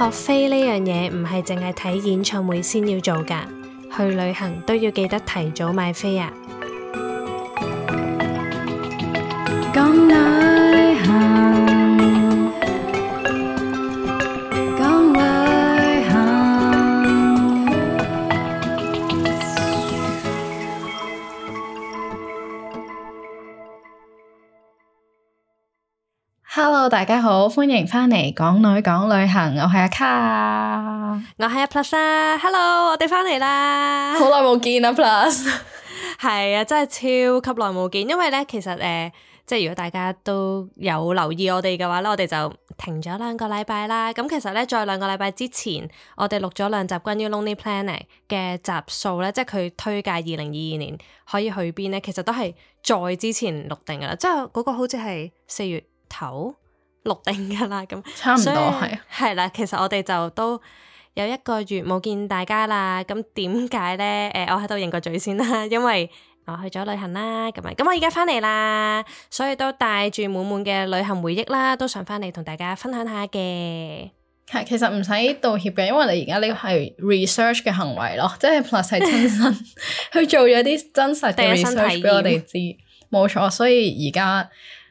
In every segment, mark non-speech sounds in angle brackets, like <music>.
學飛呢樣嘢唔係淨係睇演唱會先要做㗎，去旅行都要記得提早買飛啊！歡迎翻嚟《港女港旅行》，我係阿卡，我係阿 Plus 啦、啊、Hello 我哋翻嚟啦，好耐冇見啊！Plus，係 <laughs> <laughs> 啊，真係超級耐冇見。因為咧，其實誒、呃，即係如果大家都有留意我哋嘅話咧，我哋就停咗兩個禮拜啦。咁其實咧，在兩個禮拜之前，我哋錄咗兩集關於《Lonely Planet》嘅集數咧，即係佢推介二零二二年可以去邊咧。其實都係在之前錄定噶啦，即係嗰個好似係四月頭，錄定噶啦，咁差唔多係，所以係啦，的其實我哋就都有一個月冇見大家啦。咁點解咧？誒、呃，我喺度認個罪先啦，因為我去咗旅行啦。咁啊，咁我而家翻嚟啦，所以都帶住滿滿嘅旅行回憶啦，都想翻嚟同大家分享下嘅。係，其實唔使道歉嘅，因為你而家呢個係 research 嘅行為咯，即係 Plus 親身去做咗啲真實嘅 research 俾我哋知，冇錯。所以而家。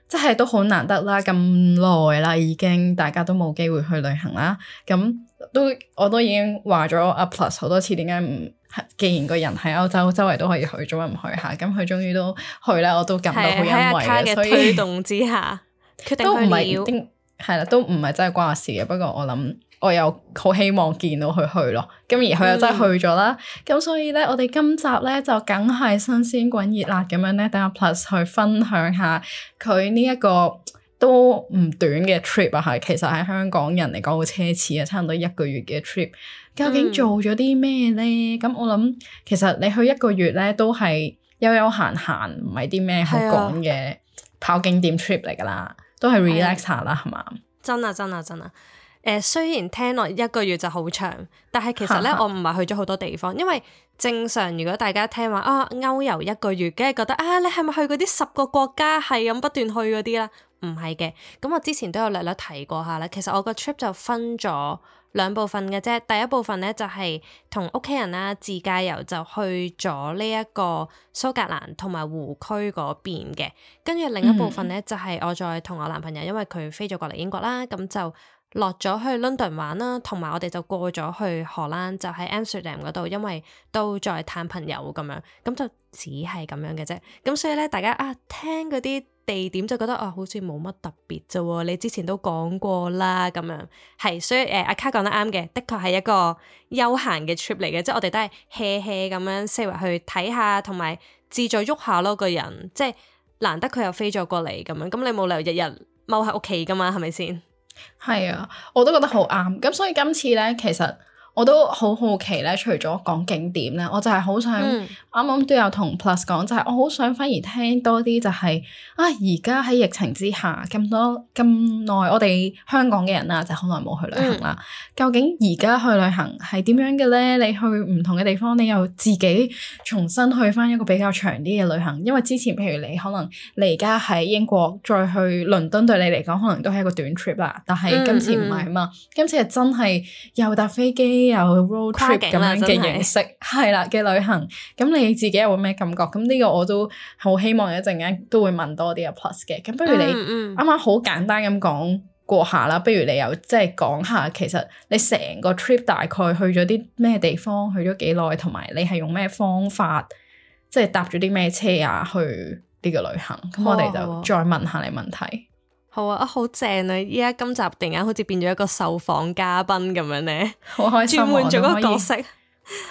即係都好難得啦，咁耐啦，已經大家都冇機會去旅行啦。咁都我都已經話咗阿 Plus 好多次，點解唔？既然個人喺歐洲周圍都可以去，做乜唔去下？咁、啊、佢終於都去啦，我都感到好欣慰嘅。所以、啊、推動之下，以決定去啦、係啦，都唔係真係關我事嘅。不過我諗。我又好希望見到佢去咯，咁而佢又真係去咗啦。咁、嗯、所以咧，我哋今集咧就梗係新鮮滾熱辣咁樣咧，等阿 Plus 去分享下佢呢一個都唔短嘅 trip 啊。係其實喺香港人嚟講好奢侈啊，差唔多一個月嘅 trip，究竟做咗啲咩咧？咁、嗯、我諗其實你去一個月咧都係悠悠閒閒，唔係啲咩好講嘅跑景點 trip 嚟㗎啦，啊、都係 relax 下啦，係嘛、啊吧？真啊真啊真啊！誒、呃，雖然聽落一個月就好長，但係其實咧， <laughs> 我唔係去咗好多地方，因為正常如果大家聽話啊，哦、歐遊一個月，梗係覺得啊，你係咪去嗰啲十個國家係咁不斷去嗰啲啦？唔係嘅，咁我之前都有略略提過下啦。其實我個 trip 就分咗兩部分嘅啫，第一部分咧就係同屋企人啦、啊，自駕遊就去咗呢一個蘇格蘭同埋湖區嗰邊嘅，跟住另一部分咧、嗯、就係我再同我男朋友，因為佢飛咗過嚟英國啦，咁就。落咗去 London 玩啦，同埋我哋就過咗去荷蘭，就喺 Amsterdam 嗰度，因為都在探朋友咁樣，咁就只係咁樣嘅啫。咁所以咧，大家啊，聽嗰啲地點就覺得啊，好似冇乜特別咋喎？你之前都講過啦，咁樣係，所以誒，阿、啊、卡講得啱嘅，的確係一個休閒嘅 trip 嚟嘅，即係我哋都係 heahea 咁樣，四圍去睇下，同埋自在喐下咯。個人即係難得佢又飛咗過嚟，咁樣咁你冇理由日日踎喺屋企噶嘛，係咪先？係啊，我都覺得好啱。咁所以今次咧，其實。我都好好奇咧，除咗講景點咧，我就係好想，啱啱，嗯、都有同 Plus 講就係、係、我好想反而聽多啲，就係，就係啊，而家喺疫情之下咁多咁耐，我哋香港嘅人啊，就好耐冇去旅行啦。嗯，究竟而家去旅行係點樣嘅咧？你去唔同嘅地方，你又自己重新去翻一個比較長啲嘅旅行。因為之前譬如你可能你而家喺英國再去倫敦，對你嚟講可能都係一個短 trip 啦。但係今次唔係啊嘛，嗯嗯，今次係真係又搭飛機。有 road trip 咁樣嘅形式，係啦嘅旅行，咁你自己有冇咩感覺？咁呢個我都好希望一陣間都會問多啲啊 Plus 嘅。咁不如你啱啱好簡單咁講過下啦，嗯嗯，不如你又即係講下，其實你成個 trip 大概去咗啲咩地方，去咗幾耐，同埋你係用咩方法，即係搭咗啲咩車啊去呢個旅行？咁我哋就再問下你問題。哦好啊，好正啊！依家，今集突然間好似變咗一個受訪嘉賓咁樣咧，轉換咗個角色，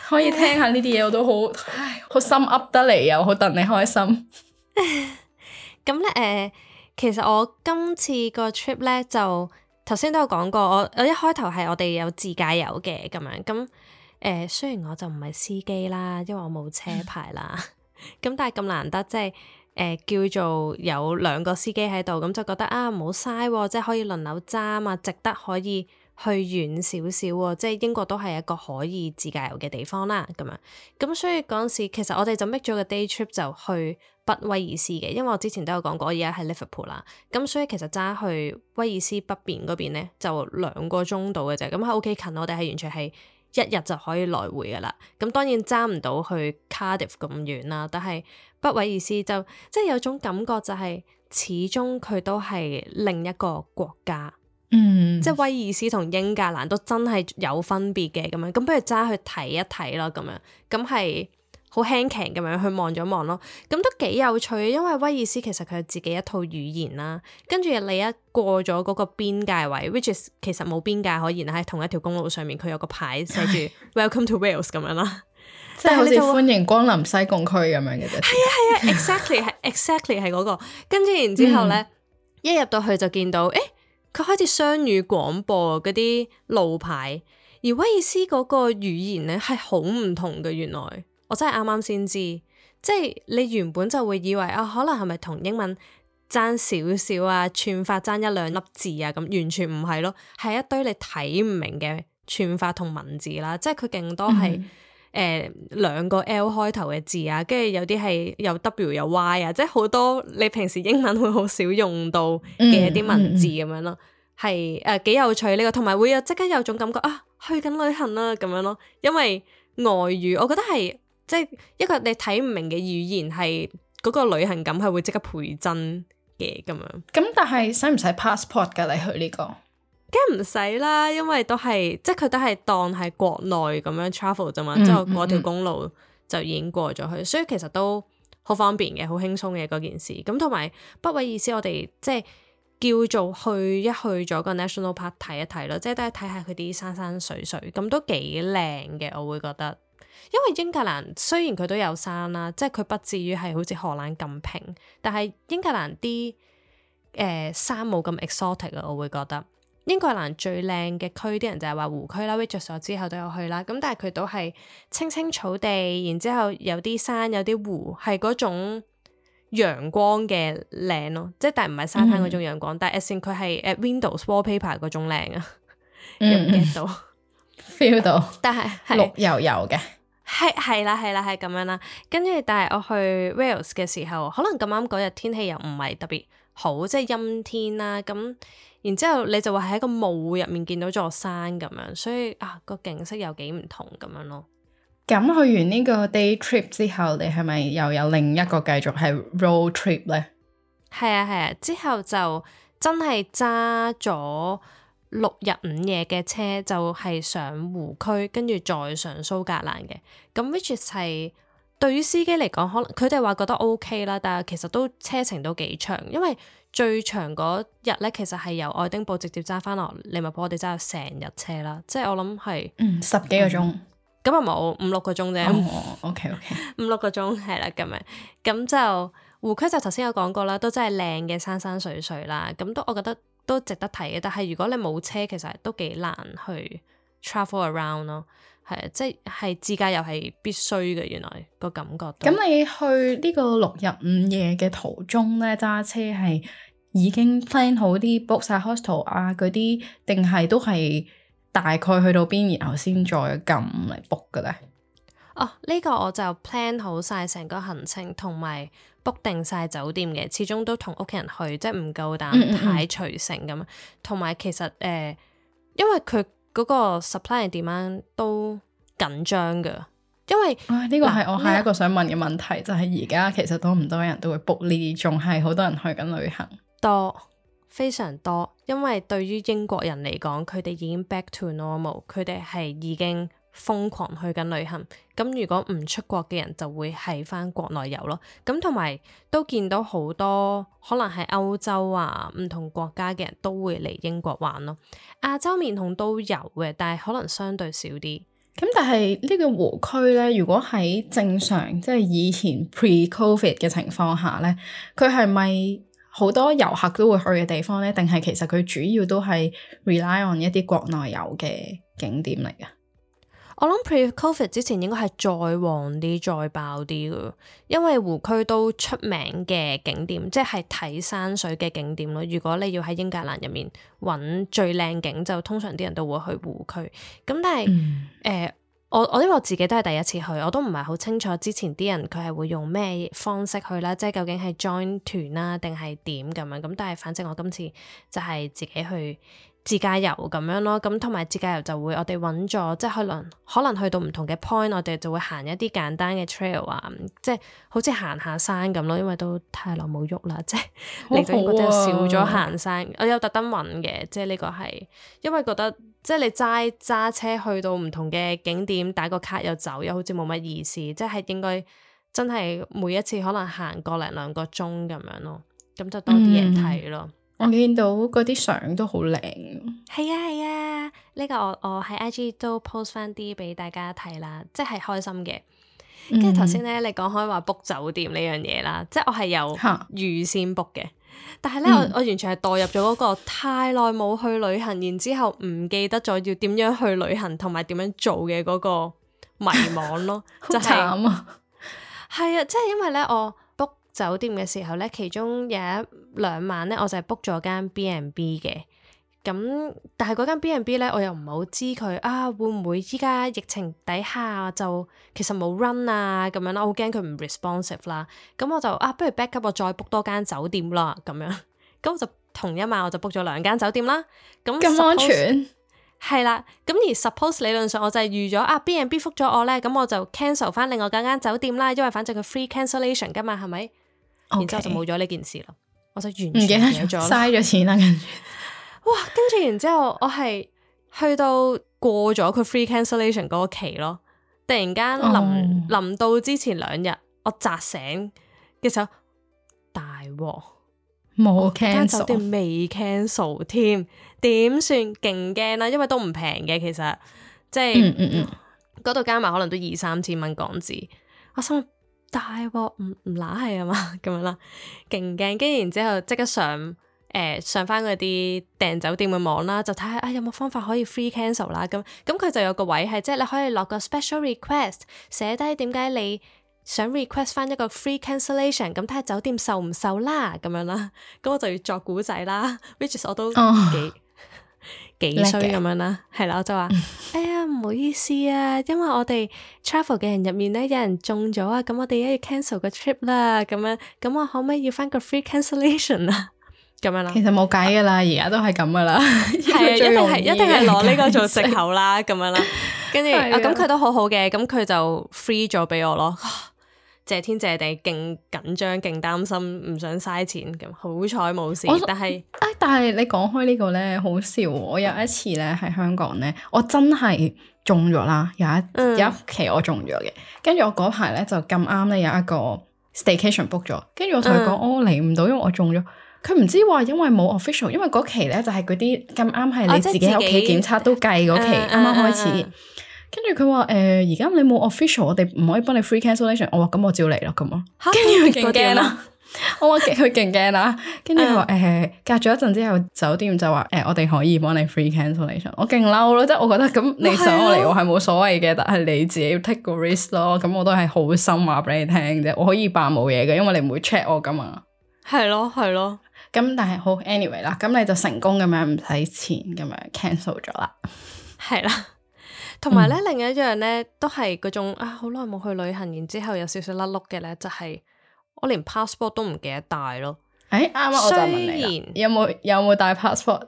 可以， <laughs> 可以聽下呢啲嘢我都好，好心 up 得嚟，又好戥你開心。咁咧， <laughs> 誒、呃，其實我今次個 trip 咧，就頭先都有講過，我我一開頭係我哋有自駕遊嘅咁樣，咁誒、呃，雖然我就唔係司機啦，因為我冇車牌啦，咁 <laughs> <laughs> 但係咁難得即係。就是誒、呃、叫做有兩個司機喺度，咁就覺得啊，唔好嘥，即係可以輪流揸啊，值得可以去遠少少喎。即係英國都係一個可以自駕遊嘅地方啦。咁樣咁，所以嗰陣時其實我哋就 make 咗個 day trip 就去北威爾斯嘅，因為我之前都有講過，我而家喺 Liverpool 啦。咁所以其實揸去威爾斯北邊嗰邊咧，就兩個鐘度嘅啫，咁係 OK 近。我哋係完全係。一日就可以來回噶啦，咁當然揸唔到去 Cardiff 咁遠啦，但係北威爾斯就即係有種感覺就係、是、始終佢都係另一個國家，嗯，即係威爾斯同英格蘭都真係有分別嘅咁樣，咁不如揸去睇一睇咯，咁樣，咁係。好輕騎咁樣去望咗望咯，咁都幾有趣嘅。因為威爾斯其實佢有自己一套語言啦，跟住你一過咗嗰個邊界位，which is <laughs> 其實冇邊界可言。喺同一條公路上面，佢有個牌寫住 Welcome to Wales 咁樣啦， <laughs> 即係好似歡迎光臨西貢區咁樣嘅啫。係啊係啊，exactly 係 exactly 係嗰個。 <laughs> 跟住然之後咧、嗯，一入到去就見到，誒、欸，佢開始雙語廣播嗰啲路牌，而威爾斯嗰個語言咧係好唔同嘅，原來。我真係啱啱先知，即係你原本就會以為啊、哦，可能係咪同英文爭少少啊，串法爭一兩粒字啊，咁完全唔係咯，係一堆你睇唔明嘅串法同文字啦，即係佢勁多係誒、嗯呃、兩個 L 開頭嘅字啊，跟住有啲係有 W 有 Y 啊，即係好多你平時英文會好少用到嘅一啲文字咁樣咯，係誒幾有趣呢、這個，同埋會有即刻有種感覺啊，去緊旅行啦、啊、咁樣咯，因為外語我覺得係。即係一個你睇唔明嘅語言，係嗰個旅行感係會即刻倍增嘅咁樣。咁但係使唔使 passport 㗎？你去呢個？梗係唔使啦，因為都係即係佢都係當係國內咁樣 travel 啫嘛。之後嗰條公路就已經過咗去，嗯嗯所以其實都好方便嘅，好輕鬆嘅嗰件事。咁同埋不為意思，我哋即係叫做去一去咗個 national park 睇一睇咯，即係都係睇下佢啲山山水水，咁都幾靚嘅，我會覺得。因為英格蘭雖然佢都有山啦，即係佢不至於係好似荷蘭咁平，但係英格蘭啲誒、呃、山冇咁 exotic 啊，我會覺得英格蘭最靚嘅區啲人就係話湖區啦 Wiltshire 之後都有去啦，咁但係佢都係青青草地，然後之後有啲山有啲湖，係嗰種陽光嘅靚咯，即係但係唔係沙灘嗰種陽光，嗯、但係誒，佢係 Windows Wallpaper 嗰種靚啊，嗯，到 feel 到，嗯、到 <laughs> 但係綠油油嘅。係係啦，係啦，係咁樣啦，跟住但係我去 Rails 嘅時候，可能咁啱嗰日天氣又唔係特別好，即係陰天啦，咁然之後你就會喺個霧入面見到座山咁樣，所以啊個景色又幾唔同咁樣咯。咁去完呢個 day trip 之後，你係咪又有另一個繼續係 road trip 咧？係啊係啊，之後就真係揸咗。六日五夜嘅車就係上湖區，跟住再上蘇格蘭嘅，咁 which is 係對於司機嚟講，可能佢哋話覺得 OK 啦，但係其實都車程都幾長，因為最長嗰日咧，其實係由愛丁堡直接揸翻落，利物浦。我哋揸咗成日車啦，即係我諗係、嗯，十幾個鐘，咁啊冇五六個鐘啫，OK OK，五六個鐘係啦咁樣，咁就湖區就頭先有講過啦，都真係靚嘅山山水水啦，咁都我覺得。都值得睇嘅，但係如果你冇車，其實都幾難去 travel around 咯。係啊，即係自駕遊係必須嘅，原來個感覺。咁你去呢個六日五夜嘅途中咧，揸車係已經 plan 好啲 book 晒 hostel 啊嗰啲，定係都係大概去到邊，然後先再撳嚟 book 嘅咧？哦，呢、這個我就 plan 好晒成個行程同埋 book 定晒酒店嘅，始終都同屋企人去，即係唔夠膽唔太隨性咁。同埋、嗯嗯嗯、其實誒、呃，因為佢嗰個 supply and demand 都緊張嘅，因為呢個係我下一個想問嘅問題，啊、就係而家其實多唔多人都會 book 呢啲，仲係好多人去緊旅行，多非常多，因為對於英國人嚟講，佢哋已經 back to normal，佢哋係已經。瘋狂去緊旅行，咁如果唔出國嘅人就會係翻國內遊咯。咁同埋都見到好多可能係歐洲啊唔同國家嘅人都會嚟英國玩咯。亞洲面孔都有嘅，但係可能相對少啲。咁但係呢個湖區呢，如果喺正常即係以前 pre-COVID 嘅情況下呢，佢係咪好多遊客都會去嘅地方呢？定係其實佢主要都係 rely on 一啲國內遊嘅景點嚟㗎？我諗 pre-COVID 之前應該係再旺啲、再爆啲嘅，因為湖區都出名嘅景點，即係睇山水嘅景點咯。如果你要喺英格蘭入面揾最靚景，就通常啲人都會去湖區。咁但係誒、嗯呃，我我因為我自己都係第一次去，我都唔係好清楚之前啲人佢係會用咩方式去啦，即係究竟係 join 團啦、啊，定係點咁樣。咁但係反正我今次就係自己去。自駕遊咁樣咯，咁同埋自駕遊就會我哋揾咗，即係可能可能去到唔同嘅 point，我哋就會行一啲簡單嘅 trail 啊，即係好似行下山咁咯，因為都太耐冇喐啦，即係你哋應該都少咗行山，好好啊、我有特登揾嘅，即係呢個係因為覺得即係你齋揸車去到唔同嘅景點，打個卡又走，又好似冇乜意思。即係應該真係每一次可能行個零兩個鐘咁樣咯，咁就多啲嘢睇咯。嗯我見到嗰啲相都好靚，係啊係啊，呢、啊呢個我我喺 IG 都 post 翻啲俾大家睇啦、嗯，即係開心嘅。跟住頭先咧，你講開話 book 酒店呢樣嘢啦，即係我係有預先 book 嘅，但係咧我我完全係代入咗嗰個太耐冇去旅行，然之後唔記得咗要點樣去旅行同埋點樣做嘅嗰個迷惘咯， <laughs> 好慘啊！係是 <laughs> 啊，即係因為咧我。酒店嘅時候咧，其中有一兩晚咧，我就係 book 咗間 B and B 嘅。咁但係嗰間 B and B 咧，我又唔好知佢啊，會唔會依家疫情底下我就其實冇 run 啊咁樣啦。我好驚佢唔 responsive 啦。咁我就啊，不如 backup 我再 book 多間酒店啦。咁樣咁我就同一晚我就 book 咗兩間酒店啦。咁咁安全係啦。咁、啊、而 suppose 理論上我就係預咗啊，B and B 覆咗我咧，咁我就 cancel 翻另外間間酒店啦，因為反正佢 free cancellation 㗎嘛，係咪？然之後就冇咗呢件事啦，我就完全冇咗，嘥咗錢啦。跟住後， <laughs> 哇！跟住，然之後我係去到過咗佢 free cancellation 嗰期咯，突然間臨、oh. 臨到之前兩日，我扎醒嘅時候，大鑊冇 cancel，酒店未 cancel 添，點算？勁驚啦，因為都唔平嘅，其實即係、mm hmm. 嗯，嗯嗯嗯，嗰度加埋可能都二三千蚊港紙，我心。大鑊唔唔乸係啊嘛咁樣啦，勁驚，跟然之後即刻上誒、呃、上翻嗰啲訂酒店嘅網啦，就睇下啊有冇方法可以 free cancel 啦咁，咁佢就有個位係即係你可以落個 special request 寫低點解你想 request 翻一個 free cancellation，咁睇下酒店受唔受啦咁樣啦，咁我就要作古仔啦，which 我都幾。Oh. <laughs> 幾衰咁樣啦，係啦， <music> 我就話， <laughs> 哎呀，唔好意思啊，因為我哋 travel 嘅人入面咧，有人中咗啊，咁 <laughs> 我哋一定要 cancel 個 trip 啦，咁樣，咁我可唔可以要翻個 free cancellation 啊？咁樣啦，其實冇計噶啦，而家 <laughs> 都係咁噶啦，係 <laughs> 對一定係一定係攞呢個做藉口啦，咁樣啦，跟住 <laughs> 了啊，咁佢都好好嘅，咁佢就 free 咗俾我咯。謝天謝地，勁緊張，勁擔心，唔想嘥錢咁，好彩冇事。我但係是，誒、哎，但係你講開呢個咧，好笑，哦。我有一次咧，喺香港咧，我真係中咗啦。有一、嗯、有一期我中咗嘅，跟住我嗰排咧就咁啱咧有一個 staycation book 咗，跟住我同佢講我嚟唔到，嗯、因為我中咗。佢唔知話因為冇 official，因為嗰期咧就係嗰啲咁啱係你自己喺屋企檢測都計嗰期啱啱開始。啊啊啊啊跟住佢話誒，而家、呃、你冇 official，我哋唔可以幫你 free cancellation。我話咁我照嚟咯咁啊。吓，我話佢勁驚啦。我話佢勁驚啦。跟住話誒，隔咗一陣之後，酒店就話誒，我哋可以幫你 free cancellation 我。我勁嬲咯，即係我覺得咁、嗯、你想我嚟，我係冇所謂嘅，但係你自己要 take 個 risk 咯。咁我都係好心話俾你聽啫，我可以扮冇嘢嘅，因為你唔會 check 我噶嘛。係咯，係咯。咁但係、嗯、好 anyway 啦，咁你就成功咁樣唔使錢咁樣 cancel 咗啦，係啦。同埋咧，呢嗯、另一樣咧，都係嗰種啊，好耐冇去旅行，然之後有少少甩碌嘅咧，就係、是、我連 passport 都唔記得帶咯。誒、欸，啱啱我就問你然有有，有冇有冇帶 passport？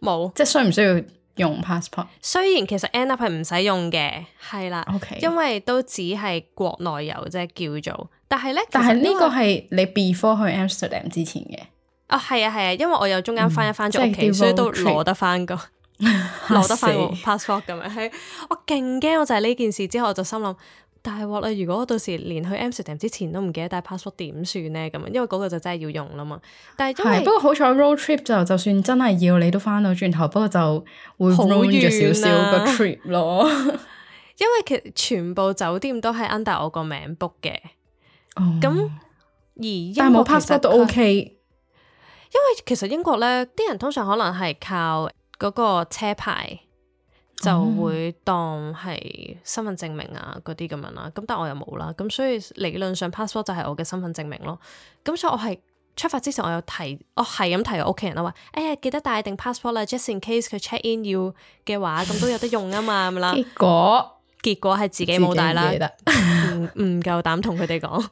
冇無，即係需唔需要用 passport？雖然其實 end up 係唔使用嘅，係啦，OK，因為都只係國內遊啫，叫做。但係咧，這個、但係呢個係你 before 去 Amsterdam 之前嘅。哦，係啊，係啊，啊，因為我有中間翻一翻咗屋企，嗯、即所以都攞得翻個。 <laughs> 攞得返 passport 咁樣，係 <laughs> 我勁驚， <laughs> 我就係呢件事之後，我就心諗大鑊啦！如果到時連去 Amsterdam 之前都唔記得帶 passport 點算呢？咁因為嗰個就真係要用啦嘛。但係因為不過好彩 road trip 就就算真係要你都翻到轉頭，不過就會 ruin 少少個 trip 咯。點點 <laughs> 因為其實全部酒店都係 under 我個名 book 嘅，咁、oh，而英但係冇 passport 都 OK。因為其實英國呢啲人通常可能係靠。嗰個車牌就會當係身份證明啊，嗰啲咁樣啦。咁但係我又冇啦，咁所以理論上 passport 就係我嘅身份證明咯。咁所以我係出發之前，我有提，我係咁提屋企人啦，話：哎呀，記得帶定 passport 啦 <laughs> ，just in case 佢 check in 要嘅話，咁都有得用啊嘛。咁啦。結果結果係自己冇帶啦，唔唔夠膽同佢哋講，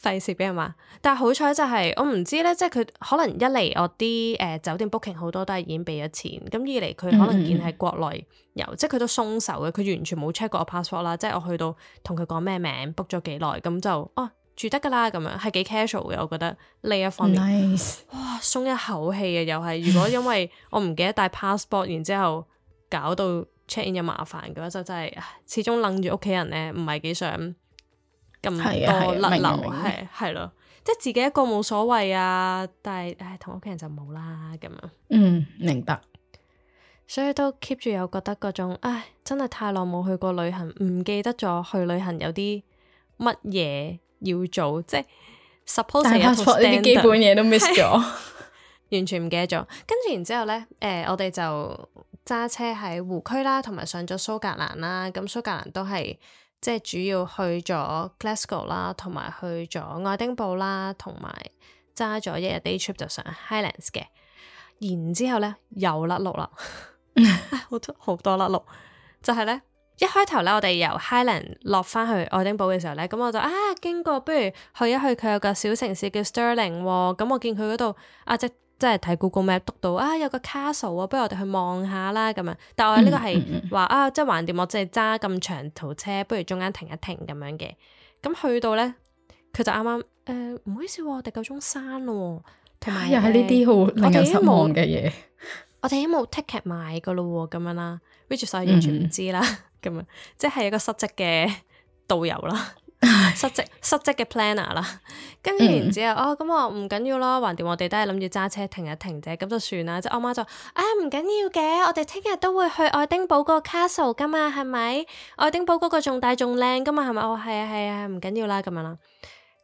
費事俾人話。但係好彩就係、是、我唔知咧，即係佢可能一嚟我啲誒、呃、酒店 booking 好多都係已經俾咗錢，咁二嚟佢可能見係國內遊，嗯、即係佢都鬆手嘅，佢完全冇 check 過我 passport 啦，即係我去到同佢講咩名 book 咗幾耐，咁就哦住得㗎啦，咁樣係幾 casual 嘅，我覺得另一方面，Nice. 哇鬆一口氣啊，又係如果因為我唔記得帶 passport， <laughs> 然後之後搞到 check in 又麻煩嘅話，就真係始終拎住屋企人咧，唔係幾想。咁多甩轆係係咯，即係自己一個冇所謂啊，但係誒，同屋企人就冇啦咁樣。嗯，明白。所以都 keep 住有覺得嗰種，唉，真係太耐冇去過旅行，唔記得咗去旅行有啲乜嘢要做，即係 suppose 你基本嘢都 miss 咗，完全唔記得咗。跟住然之後咧，誒、呃，我哋就揸車喺湖區啦，同埋上咗蘇格蘭啦，咁蘇格蘭都係。即係主要去咗 Glasgow 啦，同埋去咗愛丁堡啦，同埋揸咗一日 day trip 就上 Highlands 嘅。然之後呢又甩轆啦，好 <laughs> 多好多甩轆。就係、是、呢，一開頭呢，我哋由 Highland 落翻去愛丁堡嘅時候呢，咁我就啊經過，不如去一去佢有個小城市叫 Stirling 喎、哦。咁、嗯、我見佢嗰度啊只。即係睇 Google Map 篤到啊，有個 castle 啊，不如我哋去望下啦咁啊！但係我呢個係話、嗯嗯、啊，即係橫掂我即係揸咁長途車，不如中間停一停咁樣嘅。咁去到咧，佢就啱啱誒，唔、呃、好意思，我哋夠鐘閂咯，同埋又係呢啲好令人失望嘅嘢。我哋已經冇 ticket 買噶啦喎，咁樣啦，which 所以完全唔知啦，咁啊，即係一個失職嘅導遊啦。失職失職嘅 planner 啦，跟住然之後哦，咁我唔緊要咯，橫掂我哋都係諗住揸車停一停啫，咁就算啦。即係我媽就，誒，唔緊要嘅，我哋聽日都會去愛丁堡嗰個 castle 噶嘛係咪？愛丁堡嗰個仲大仲靚噶嘛係咪？哦，係啊係啊，唔緊要啦，咁樣啦。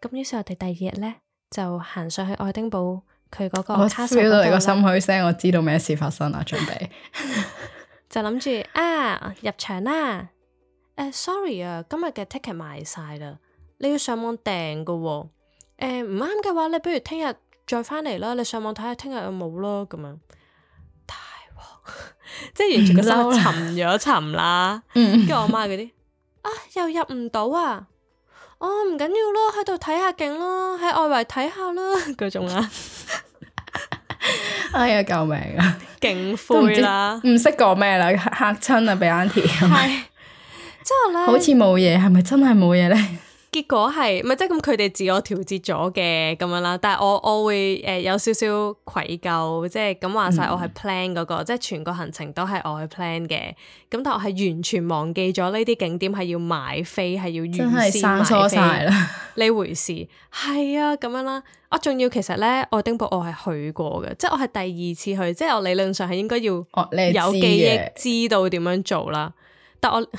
咁於是我哋第二日咧就行上去愛丁堡佢嗰個 castle。我 feel 到你個、嗯、心虛聲，我知道咩事發生啦，準備 <laughs> <laughs> 就諗住啊入場啦。Uh, sorry 啊，今日嘅 ticket 賣晒啦，你要上網訂噶喎。誒，唔啱嘅話，你不如聽日再翻嚟啦。你上網睇下聽日有冇咯，咁樣。 <laughs> 大鑊！即係完全個心沉咗沉啦。嗯。跟住我媽嗰啲， <laughs> 啊又入唔到啊。哦，唔緊要咯，喺度睇下景咯，喺外圍睇下啦，嗰種啊。 <laughs> 哎呀，救命啊！勁灰啦，唔識講咩啦，嚇親啊，俾 Auntie。真好似冇嘢，係咪真係冇嘢咧？結果係，咪即係咁佢哋自我調節咗嘅咁樣啦。但係我我會誒、呃、有少少愧疚，即係咁話晒我係 plan 嗰、那個，嗯、即係全個行程都係我去 plan 嘅。咁但我係完全忘記咗呢啲景點係要買飛，係要預先買飛啦呢回事。係 <laughs> 啊，咁樣啦。我仲要其實咧，愛丁堡我係去過嘅，即係我係第二次去，即係我理論上係應該要有記憶知道點樣做啦。但我。 <laughs>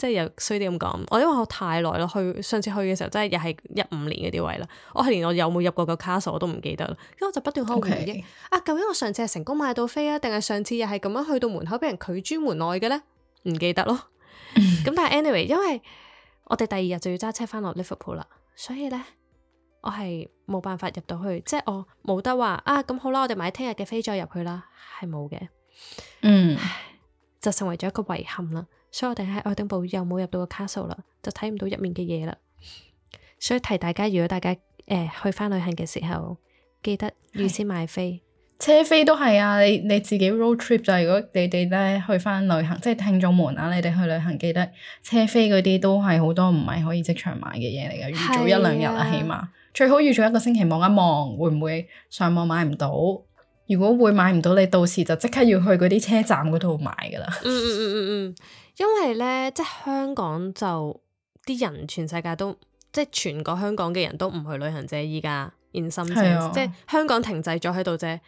即係又衰啲咁講，我因為我太耐咯，去上次去嘅時候，真係又係一五年嗰啲位啦。我係連我有冇入過個 castle 我都唔記得啦，因為我就不斷喺度回憶啊，究竟我上次係成功買到飛啊，定係上次又係咁樣去到門口俾人拒諸門外嘅咧？唔記得咯。咁 <laughs> 但係 anyway，因為我哋第二日就要揸車翻落 Liverpool 啦，所以咧我係冇辦法入到去，即係我冇得話啊咁好啦，我哋買聽日嘅飛再入去啦，係冇嘅。嗯、mm.，就成為咗一個遺憾啦。所以我哋喺愛丁堡又冇入到個 castle 啦，就睇唔到入面嘅嘢啦。所以提大家，如果大家誒、呃、去翻旅行嘅時候，記得預先買飛車飛都係啊。你你自己 road trip 就係，如果你哋咧去翻旅行，即係聽眾們啊，你哋去旅行記得車飛嗰啲都係好多唔係可以即場買嘅嘢嚟噶，預早一兩日啊起碼，的最好預早一個星期望一望，會唔會上網買唔到？如果會買唔到你，你到時就即刻要去嗰啲車站嗰度買㗎啦、嗯。嗯嗯嗯嗯嗯，因為咧，即係香港就啲人全世界都即係全個香港嘅人都唔去旅行啫。依家現心啫，即係、嗯、香港停滯咗喺度啫。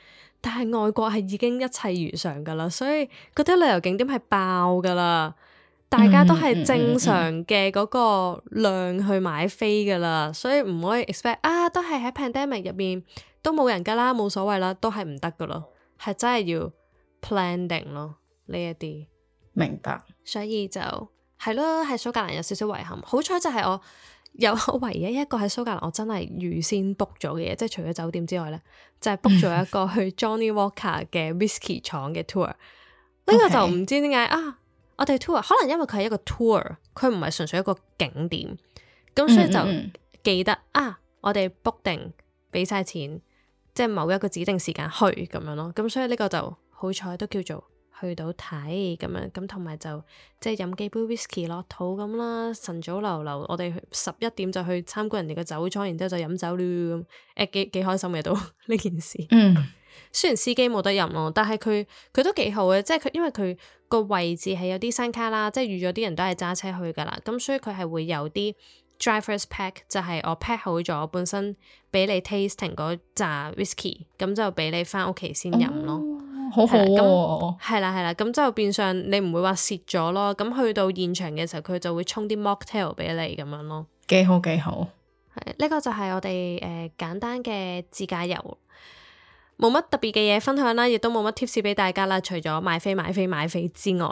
但係外國係已經一切如常㗎啦，所以嗰啲旅遊景點係爆㗎啦。大家都係正常嘅嗰個量去買飛㗎啦，嗯嗯嗯、所以唔可以 expect 啊，都係喺 pandemic 入面都冇人噶啦，冇所謂啦，都係唔得㗎咯，係真係要 planning 咯呢一啲，明白。所以就係咯，喺蘇格蘭有少少遺憾。好彩就係我有唯一一個喺蘇格蘭我真係預先 book 咗嘅嘢，即係除咗酒店之外咧，就係 book 咗一個去 Johnny Walker 嘅 whisky 廠嘅 tour。呢個就唔知點解啊～我哋 tour 可能因為佢係一個 tour，佢唔係純粹一個景點，咁所以就記得、mm hmm. 啊，我哋 book 定俾晒錢，即係某一個指定時間去咁樣咯。咁所以呢個就好彩都叫做去到睇咁樣，咁同埋就即係飲幾杯 whisky 落肚咁啦。晨早流流，我哋十一點就去參觀人哋嘅酒莊，然之後就飲酒了咁，誒幾幾開心嘅都呢件事。Mm hmm. 雖然司機冇得飲咯，但係佢佢都幾好嘅，即係佢因為佢個位置係有啲山卡啦，即係預咗啲人都係揸車去噶啦，咁所以佢係會有啲 driver's pack，就係我 pack 好咗本身俾你 tasting 嗰扎 whisky，咁就俾你翻屋企先飲咯，好好喎、啊，係啦係啦，咁就變相你唔會話蝕咗咯，咁去到現場嘅時候佢就會沖啲 mocktail 俾你咁樣咯，幾好幾好，係呢個就係我哋誒、呃、簡單嘅自駕遊。冇乜特別嘅嘢分享啦，亦都冇乜 tips 俾大家啦，除咗買飛買飛買飛之外，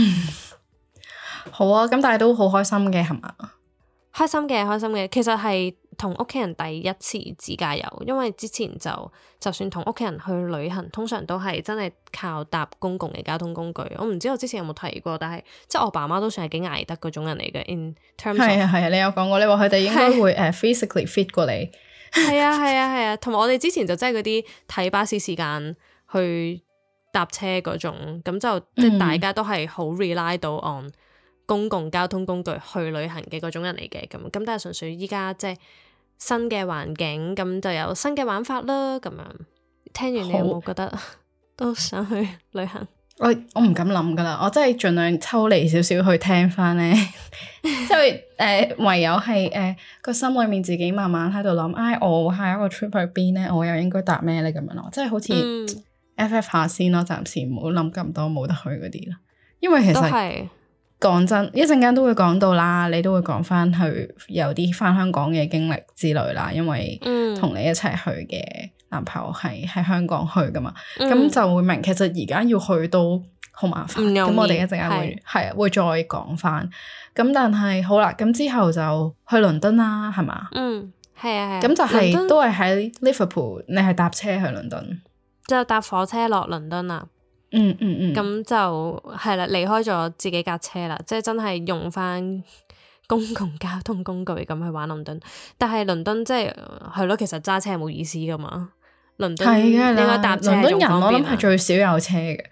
<laughs> <laughs> 好啊，咁但係都好開心嘅係嘛，開心嘅開心嘅，其實係同屋企人第一次自駕遊，因為之前就就算同屋企人去旅行，通常都係真係靠搭公共嘅交通工具。我唔知我之前有冇提過，但係即係我爸媽都算係幾捱得嗰種人嚟嘅。In terms 係啊係啊，你有講過你話佢哋應該會誒 physically fit 過嚟。係啊係啊係啊，同埋、啊啊啊、我哋之前就真係嗰啲睇巴士時間去搭車嗰種，咁就即係大家都係好 rely 到 on 公共交通工具去旅行嘅嗰種人嚟嘅，咁咁但係純粹依家即係新嘅環境，咁就有新嘅玩法啦，咁樣聽完你有冇覺得好 <laughs> 都想去旅行？我我唔敢諗噶啦，我真係盡量抽離少少去聽翻咧，即係誒，唯有係誒個心裏面自己慢慢喺度諗，唉、哎，我下一個 trip 去邊咧？我又應該搭咩咧咁樣咯，即係好似 FF、嗯、下先咯，暫時唔好諗咁多，冇得去嗰啲咯。因為其實係講真，一陣間都會講到啦，你都會講翻去有啲翻香港嘅經歷之類啦，因為同你一齊去嘅。嗯男朋友係喺香港去噶嘛？咁、嗯、就會明其實而家要去都好麻煩。咁我哋一陣間會係是會再講翻。咁但係好啦，咁之後就去倫敦啦，係嘛、嗯啊嗯？嗯，係、嗯、啊，咁就係都係喺 Liverpool 你係搭車去倫敦，之後搭火車落倫敦啊。嗯嗯嗯，咁就係啦，離開咗自己架車啦，即、就、係、是、真係用翻公共交通工具咁去玩倫敦。但係倫敦即係係咯，其實揸車係冇意思噶嘛。係啊，另外搭車仲方便啊！倫敦人我諗係最少有車嘅，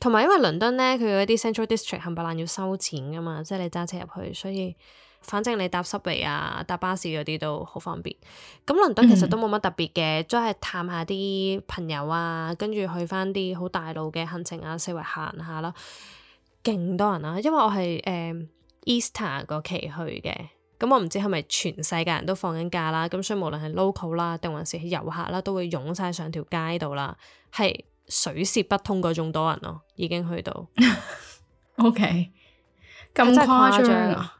同埋因為倫敦咧，佢嗰啲 Central District 冚唪唥要收錢噶嘛，即、就、係、是、你揸車入去，所以反正你搭 subway 啊，搭巴士嗰啲都好方便。咁倫敦其實都冇乜特別嘅，都係、嗯、探一下啲朋友啊，跟住去翻啲好大路嘅行程啊，四圍行下啦。勁多人啊！因為我係誒、呃、Easter 個期去嘅。咁、嗯、我唔知係咪全世界人都放緊假啦，咁所以無論係 local 啦，定還是遊客啦，都會湧晒上條街度啦，係水泄不通嗰種多人咯，已經去到。OK，咁誇張，誇張 <laughs> 啊？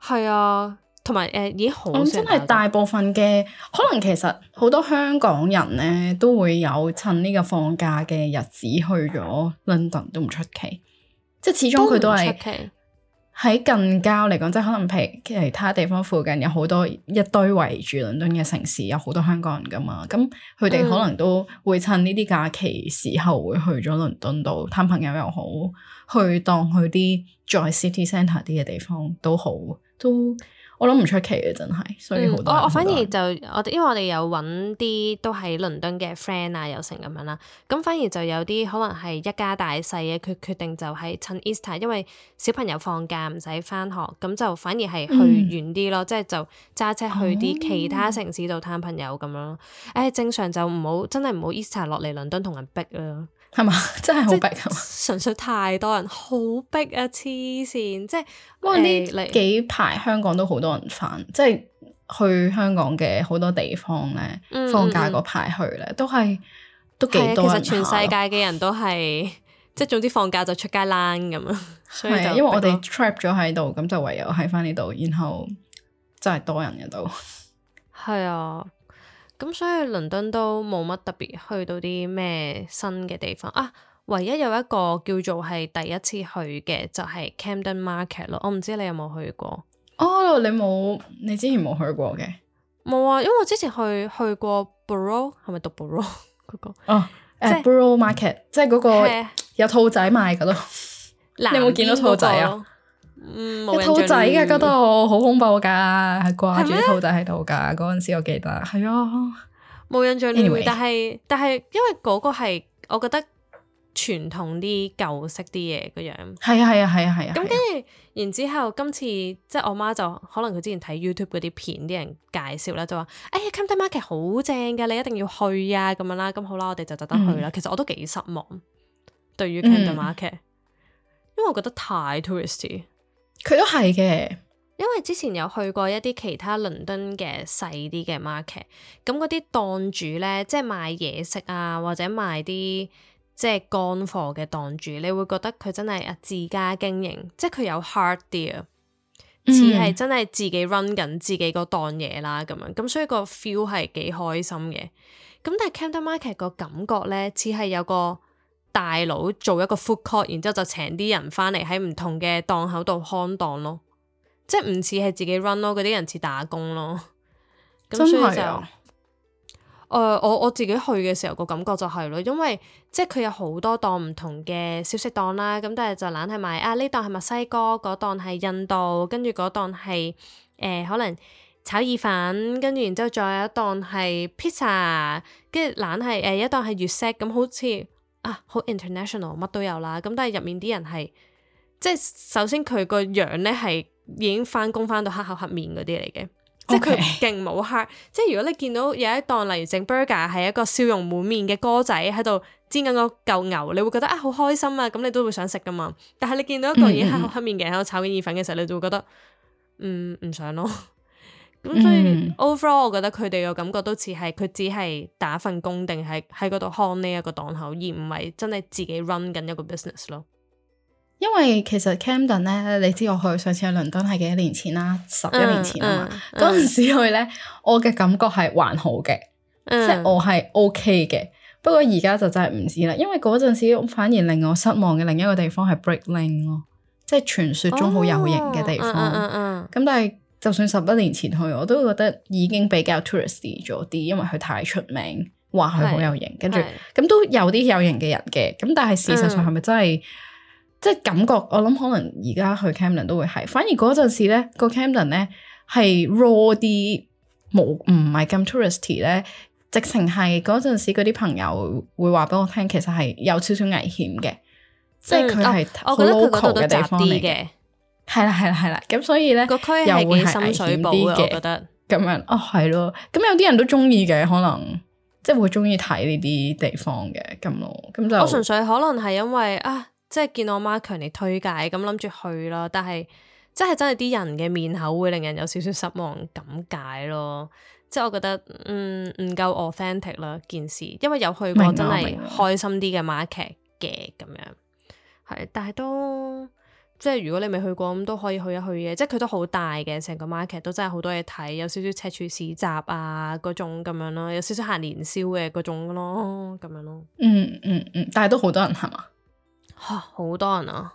係啊，同埋誒已經好，我、嗯、真係大部分嘅可能其實好多香港人咧都會有趁呢個放假嘅日子去咗 London 都唔出奇，即係始終佢都係。都唔出奇喺近郊嚟講，即係可能其他地方附近有好多一堆圍住倫敦嘅城市，有好多香港人㗎嘛，咁佢哋可能都會趁呢啲假期時候會去咗倫敦度探朋友又好，去當去啲再 city centre 啲嘅地方都好都。嗯我諗唔出奇嘅，真係所以好多，我我反而就我，因為我哋有揾啲都喺倫敦嘅 friend 啊，有成咁樣啦。咁反而就有啲可能係一家大細嘅，佢決定就係趁 Easter，因為小朋友放假唔使翻學，咁就反而係去遠啲咯，嗯、即係就揸車去啲其他城市度探朋友咁樣。誒、嗯，正常就唔好，真係唔好 Easter 落嚟倫敦同人逼啦。係嘛， <laughs> 真係好逼咁。純粹太多人，好逼啊！黐線，即係不過呢幾排香港都好多人返，欸、即係去香港嘅好多地方咧。放假嗰排去咧，嗯、都係都幾多人返。其實全世界嘅人都係即係總之放假就出街 𨁴 咁樣。係 <laughs> 就因為我哋 trap 咗喺度，咁就唯有喺翻呢度，然後真係多人嘅度。係、嗯、啊。咁所以倫敦都冇乜特別去到啲咩新嘅地方啊，唯一有一個叫做係第一次去嘅就係 Camden Market 咯，我唔知你有冇去過哦？你冇你之前冇去過嘅，冇啊，因為我之前去去過 Borough 係咪讀 Borough 嗰個哦，誒 Borough Market 即係嗰個有兔仔賣噶咯，你有冇見到兔仔啊？那個嗯，兔仔嘅嗰度好恐怖噶，係掛住啲兔仔喺度噶。嗰陣嗎時我記得係啊，冇印象。Anyway，但係但係因為嗰個係我覺得傳統啲舊式啲嘢個樣，係啊係啊係啊係啊。咁跟住然之後，啊啊、後後今次即係我媽就可能佢之前睇 YouTube 嗰啲片，啲人介紹咧，就話哎呀，Camden Market 好正噶，你一定要去啊咁樣啦。咁好啦，我哋就特登去啦。嗯、其實我都幾失望，對於 Camden Market，因為我覺得太 touristy。佢都係嘅，因為之前有去過一啲其他倫敦嘅細啲嘅 market，咁嗰啲檔主咧，即係賣嘢食啊，或者賣啲即係乾貨嘅檔主，你會覺得佢真係啊自家經營，即係佢有 hard deal 啊，似係真係自己 run 緊自己個檔嘢啦，咁樣，咁所以個 feel 係幾開心嘅。咁但係 Camden Market 個感覺咧，似係有個，大佬做一個 food court，然之後就請啲人翻嚟喺唔同嘅檔口度看檔咯，即係唔似係自己 run 咯，嗰啲人似打工咯。咁 <laughs> 所以就誒、呃，我我自己去嘅時候個感覺就係咯，因為即係佢有好多檔唔同嘅小食檔啦，咁但係就懶係買啊呢檔係墨西哥，嗰檔係印度，跟住嗰檔係、呃、可能炒意粉，跟住然之後再有一檔係 pizza，跟住懶係誒、呃、一檔係月石咁，好似。啊，好 international，乜都有啦。咁但係入面啲人係，即係首先佢個樣咧係已經翻工翻到黑口黑面嗰啲嚟嘅。Okay. 即係佢勁冇黑。即係如果你見到有一檔例如整 burger 係一個笑容滿面嘅哥仔喺度煎緊個舊牛，你會覺得啊好開心啊，咁你都會想食噶嘛。但係你見到一個已經黑口黑面嘅喺度炒緊意粉嘅時候，你就會覺得，嗯唔想咯。咁所以、嗯、overall，我覺得佢哋嘅感覺都似係佢只係打份工，定係喺嗰度看呢一個檔口，而唔係真係自己 run 緊一個 business 咯。因為其實 Camden 咧，你知道我去上次去倫敦係幾多年前啦，十一年前啊嘛，嗰陣、uh, uh, uh, 時去咧，我嘅感覺係還好嘅，uh, uh, 即係我係 OK 嘅。不過而家就真係唔知啦，因為嗰陣時反而令我失望嘅另一個地方係 Brick Lane 咯，即係傳説中好有型嘅地方。咁但係。就算十一年前去，我都覺得已經比較 touristy 咗啲，因為佢太出名，話佢好有型，是跟住咁都有啲有型嘅人嘅，咁但係事實上係咪真係、嗯、即係感覺？我諗可能而家去 Camden 都會係，反而嗰陣時咧，個 Camden 咧係 raw 啲，冇唔係咁 touristy 咧，直情係嗰陣時嗰啲朋友會話俾我聽，其實係有少少危險嘅，嗯、即係佢係好 local 嘅地方嚟嘅，我覺得佢嗰度都雜啲嘅。係啦係啦係啦，咁所以咧個區係幾深水埗嘅，我覺得咁樣哦，係咯，咁有啲人都中意嘅，可能即係會中意睇呢啲地方嘅咁咯，咁就我純粹可能係因為啊，即係見我媽強烈推介，咁諗住去咯，但係即係真係啲人嘅面口會令人有少少失望，咁解咯，即係我覺得嗯唔夠 authentic 啦件事，因為有去過真係開心啲嘅 market 嘅咁樣，係但係都。即係如果你未去過咁都可以去一去嘅，即係佢都好大嘅，成個 market 都真係好多嘢睇，有少少赤柱市集啊嗰種咁樣咯，有少少行年宵嘅嗰種咯，咁樣咯、嗯。嗯嗯嗯，但係都好多人係嘛？好 <laughs> 多人啊！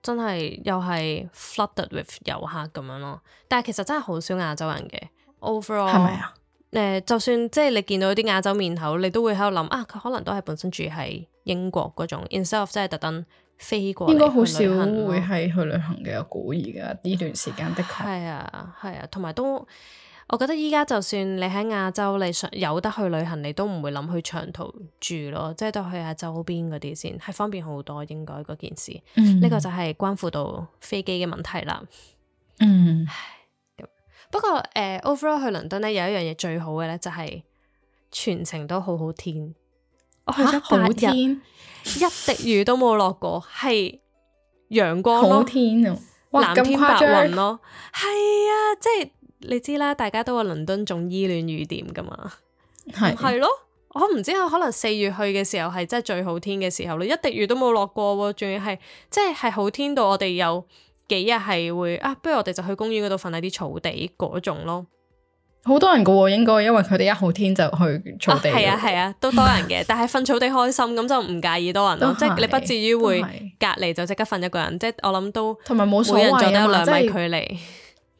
真係又係 flooded with 遊客咁樣咯，但係其實真係好少亞洲人嘅。Overall 係咪啊？誒、呃，就算即係你見到啲亞洲面口，你都會喺度諗啊，佢可能都係本身住喺英國嗰種，instead 即係特登。飛過應該好少會係去旅行嘅，咁而家呢段時間的確係 <laughs> 啊，係啊，同埋都，我覺得依家就算你喺亞洲，你想有得去旅行，你都唔會諗去長途住咯，即係都去下周邊嗰啲先，係方便好多。應該嗰件事，呢、mm hmm. 個就係關乎到飛機嘅問題啦。嗯、mm hmm.，不過誒，overall、呃、去倫敦咧有一樣嘢最好嘅咧，就係全程都好好天。我去咗、啊、好天，一滴雨都冇落過，係陽光好天啊！哇，藍天白雲咯，咁誇張咯，係啊，即係你知啦，大家都話倫敦仲依戀雨點噶嘛，係係咯，我唔知啊，可能四月去嘅時候係真係最好天嘅時候咯，一滴雨都冇落過，仲要係即係係好天到，我哋有幾日係會啊，不如我哋就去公園嗰度瞓喺啲草地嗰種咯。好多人㗎喎，應該因為佢哋一好天就去草地。哦、啊，係啊，係啊，都多人嘅。 <laughs> 但係瞓草地開心，咁就唔介意多人咯。是即你不至於會隔離就即刻瞓一個人。是即我諗都同埋冇所謂，就得兩米距離，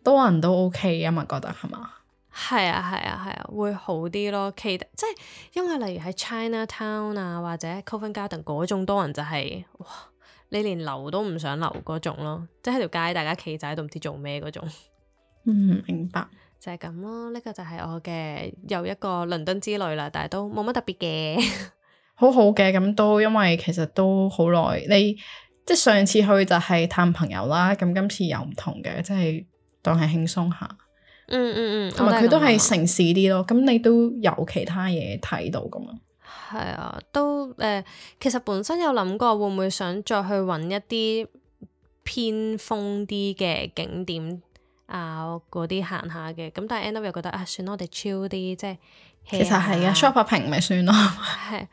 多人都 OK 啊嘛，覺得係嘛？係啊，係啊，係啊，啊，會好啲咯。企即係因為例如喺 China Town 啊或者 Covent Garden 嗰種多人就係、是、哇，你連留都唔想留嗰種咯。即喺條街大家企仔都唔知做咩嗰種。嗯，明白。就係咁咯，呢、這個就係我嘅又一個倫敦之旅啦，但係都冇乜特別嘅， <laughs> 好好嘅咁都因為其實都好耐，你即係上次去就係探朋友啦，咁今次又唔同嘅，即係當係輕鬆下，嗯嗯嗯，同埋佢都係城市啲咯，咁、嗯、你都有其他嘢睇到咁樣？係啊，都誒、呃，其實本身有諗過會唔會想再去搵一啲偏鋒啲嘅景點。啊，嗰啲行下嘅，咁但係 end up 又覺得啊，算啦，我哋 chill 啲，即係其實係啊，shopping 咪算咯，係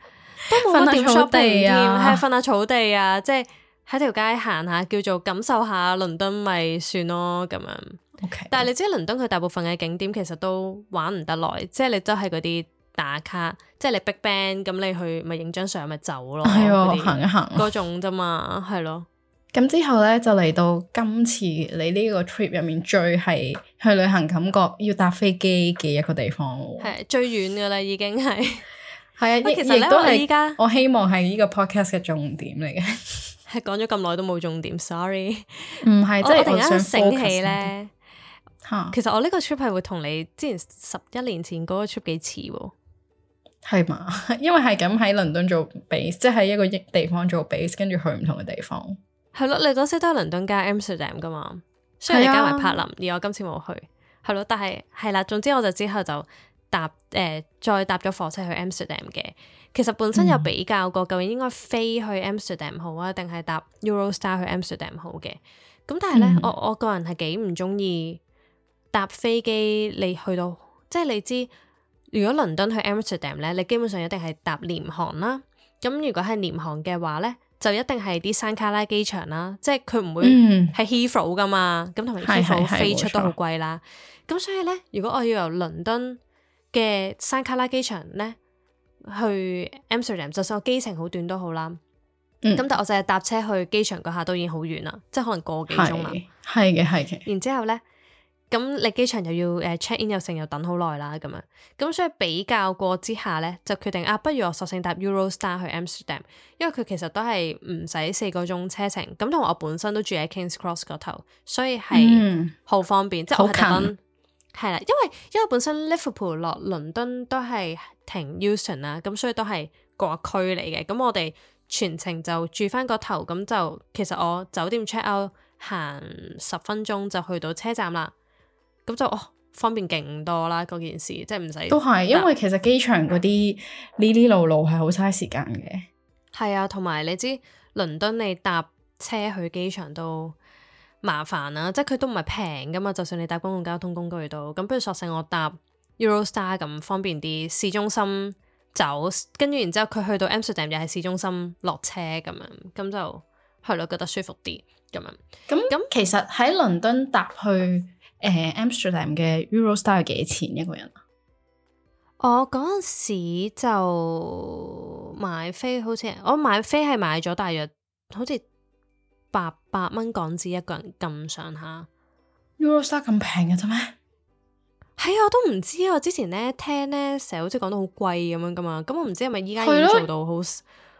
都冇點、啊、shopping 添係瞓下草地啊，即係喺條街行下，叫做感受下倫敦咪算咯咁樣。Okay. 但係你知倫敦佢大部分嘅景點其實都玩唔得耐，即係你都係嗰啲打卡，即係你 Big Ben 咁你去咪影張相咪走咯，係、啊哎、些行一行嗰 <laughs> 種啫嘛，係咯。咁之後咧，就嚟到今次你呢個 trip 入面最係去旅行，感覺要搭飛機嘅一個地方咯。係最遠嘅啦，已經係係啊！ <laughs> <laughs> 其實咧，都我依家我希望係呢個 podcast 嘅重點嚟嘅。係講咗咁耐都冇重點，sorry。唔係是，我突然間醒起咧呢嚇，你 <laughs> 其實我呢個 trip 係會同你之前十一年前嗰個 trip 幾似喎。係嘛是嗎？ <laughs> 因為係咁喺倫敦做 base，即係一個地方做 base，跟住去唔同嘅地方。係咯，你嗰時都係倫敦加 Amsterdam 噶嘛，雖然你加埋柏林，是啊、而我今次冇去，係咯，但係係啦，總之我就之後就搭誒、呃，再搭咗火車去 Amsterdam 嘅。其實本身有比較過，究竟、嗯、應該飛去 Amsterdam 好啊，定係搭 Eurostar 去 Amsterdam 好嘅。咁但係咧，嗯、我我個人係幾唔中意搭飛機你去到即係、就是、你知，如果倫敦去 Amsterdam 咧，你基本上一定係搭廉航啦。咁如果係廉航嘅話咧，就一定係啲山卡拉機場啦，即係佢唔會係 Heathrow 噶嘛，咁同埋 Heathrow 飛出都好貴啦。咁錯所以咧，如果我要由倫敦嘅山卡拉機場咧去 Amsterdam，就算個機程短好短都好啦。咁、嗯、但我就係搭車去機場嗰下都已經好遠啦，即係可能過幾個幾鐘啦。係嘅，係嘅。然之後咧。咁你機場又要誒 check in 又成，又等好耐啦，咁樣咁所以比較過之下咧，就決定啊，不如我索性搭 Eurostar 去 Amsterdam，因為佢其實都係唔使四個鐘車程，咁同我本身都住喺 King's Cross 嗰頭，所以係好方便，嗯、即係好近，係啦，因為因為本身 Liverpool 落倫敦都係停 Euston 啦，咁所以都係嗰區嚟嘅，咁我哋全程就住翻嗰頭，咁就其實我酒店 check out 行十分鐘就去到車站啦。咁就哦，方便勁多啦！嗰件事即係唔使都係，因為其實機場嗰啲呢呢路路係好嘥時間嘅。係啊，同埋你知倫敦你搭車去機場都麻煩啦，啊，即係佢都唔係平噶嘛。就算你搭公共交通工具都咁，不如索性我搭 Eurostar 咁方便啲，市中心走，跟住然之後佢去到 Amsterdam 又喺市中心落車咁樣，咁就係咯，覺得舒服啲咁樣。咁咁其實喺倫敦搭去、嗯。Uh, Amsterdam 嘅 Eurostar 係幾錢一個人啊？我嗰陣時就買飛，好似我買飛係買咗大約好似八百蚊港紙一個人咁上下。Eurostar 咁平嘅啫咩？係啊，我都唔知啊。我之前咧聽咧成日好似講到好貴咁樣噶嘛，咁我唔知係咪依家已經做到好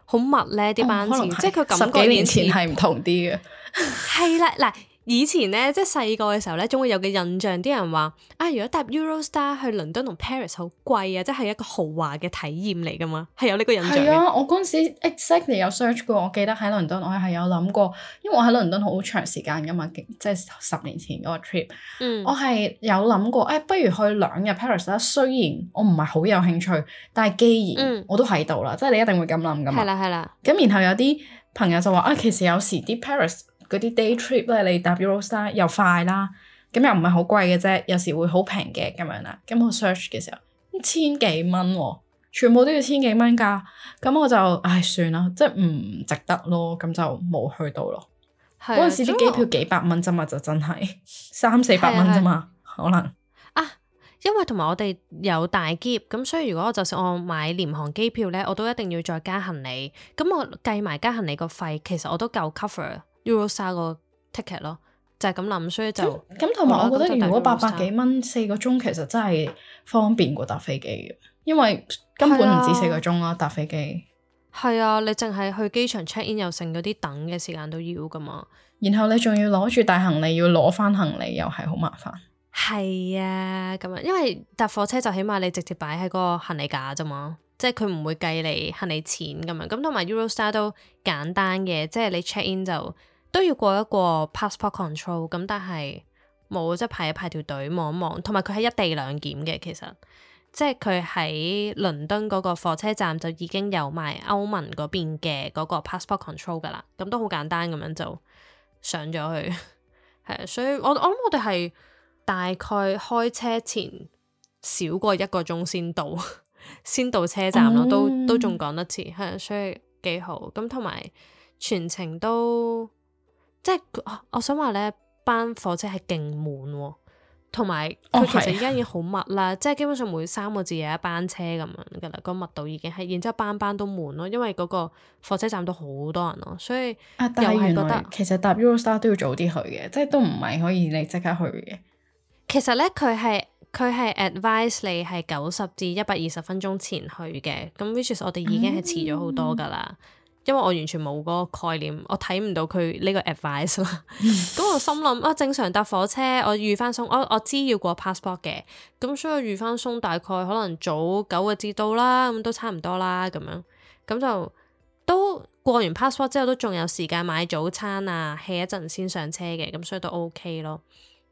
好了密咧啲班次，嗯、即係佢十幾年前係唔同啲嘅。係啦、 <laughs> 啊，嗱。以前咧，即係細個嘅時候咧，總會有個印象。啲人話：啊，如果搭 Eurostar 去倫敦同 Paris 好貴啊，即係一個豪華嘅體驗嚟噶嘛。係有呢個印象。啊，我嗰陣時 exactly 有 search 過。我記得喺倫敦，我係有諗過，因為我喺倫敦好長時間噶嘛，即係十年前嗰個 trip，、嗯、我係有諗過，誒、欸，不如去兩日 Paris 啦。雖然我唔係好有興趣，但係既然、嗯、我都喺度啦，即係你一定會咁諗噶嘛。係啦，係啦。咁的然後有啲朋友就話：啊，其實有時啲 Paris 嗰啲 day trip 咧，你搭 Eurostar 又快啦，咁又唔係好貴嘅啫，有時會好平嘅咁樣啦。咁我 search 嘅時候，千幾蚊喎，全部都要千幾蚊㗎，咁我就唉算啦，即係唔值得咯，咁就冇去到咯。嗰陣、啊、時啲機票我幾百蚊啫嘛，就真係三四百蚊啫嘛，啊啊、可能啊，因為同埋我哋有大 gap 咁所以如果就算我買廉航機票咧，我都一定要再加行李。咁我計埋加行李個費，其實我都夠 cover。Eurostar 個 ticket 咯，就係咁諗，所以就咁同埋，我覺得如果八百幾蚊四個鐘，其實真係方便過搭飛機嘅，因為根本唔止四個鐘啦，啊，啊，搭飛機係啊，你淨係去機場 check in 又剩嗰啲等嘅時間都要噶嘛，然後你仲要攞住大行李，要攞翻行李又係好麻煩，係啊，咁啊，因為搭火車就起碼你直接擺喺嗰個行李架啫嘛，即係佢唔會計你行李錢咁樣，咁同埋 Eurostar 都簡單嘅，即係你 check in 就。都要過一個 passport control 咁，但係冇，即係排一排條隊望一望，同埋佢係一地兩檢嘅。其實即係佢喺倫敦嗰個火車站就已經有埋歐盟嗰邊嘅嗰個 passport control 㗎喇，咁都好簡單咁樣就上咗去。係 <laughs> 啊，所以我我諗我哋係大概開車前少過一個鐘先到， <laughs> 先到車站咯，嗯，都都仲講得切，係所以幾好。咁同埋全程都。即係、啊，我想話咧，班火車係勁悶，同埋佢其實而家已經好密啦。哦、即係基本上每三個字有一班車咁樣噶啦，個密度已經係，然之後班班都悶咯、啊，因為嗰個火車站都好多人咯、啊，所以又係覺得、啊、其實搭 Eurostar 都要早啲去嘅，即係都唔係可以你即刻去嘅。嗯、其實咧，佢係佢係 advise 你係九十至一百二十分鐘前去嘅，咁 which is 我哋已經係遲咗好多噶啦。嗯。因為我完全冇嗰個概念，我睇唔到佢呢個 advice 啦。咁 <laughs> <laughs> 我心諗啊，正常搭火車，我預返鬆，我我知要過 passport 嘅，咁所以預返鬆大概可能早九個字到啦，咁都差唔多啦，咁樣，咁就都過完 passport 之後都仲有時間買早餐啊 hea 一陣先上車嘅，咁所以都 OK 咯。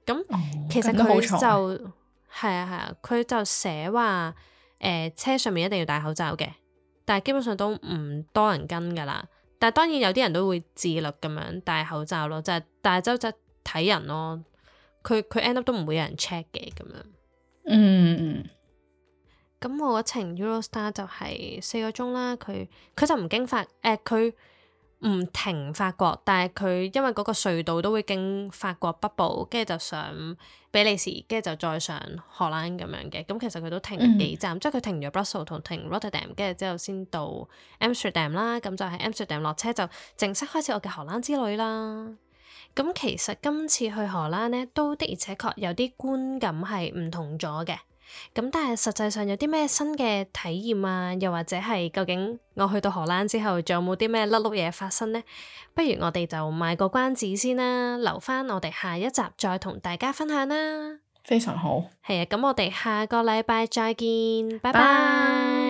咁、哦、其實佢就係啊係啊，佢、啊啊、就寫話誒、呃、車上面一定要戴口罩嘅。但係基本上都唔多人跟㗎喇，但係當然有啲人都會自律咁樣戴口罩咯，就係、是、戴周則睇人咯，佢佢 end up 都唔會有人 check 嘅咁樣。嗯、mm，咁、hmm。我嗰程 Eurostar 就係四個鐘啦，佢佢就唔經發，誒、呃、佢。唔停法國，但係佢因為嗰個隧道都會經法國北部，跟住就上比利時，跟住就再上荷蘭咁樣嘅。咁其實佢都停咗幾站，嗯、即係佢停咗 Brussels 同停 Rotterdam，跟住之後先到 Amsterdam 啦 Am。咁就喺 Amsterdam 落車就正式開始我嘅荷蘭之旅啦。咁其實今次去荷蘭呢，都的而且確有啲觀感係唔同咗嘅。咁但係實際上有啲咩新嘅體驗啊？又或者係究竟我去到荷蘭之後，仲有冇啲咩甩碌嘢發生呢？不如我哋就賣個關子先啦，留翻我哋下一集再同大家分享啦。非常好，係啊！咁我哋下個禮拜再見，拜拜。Bye bye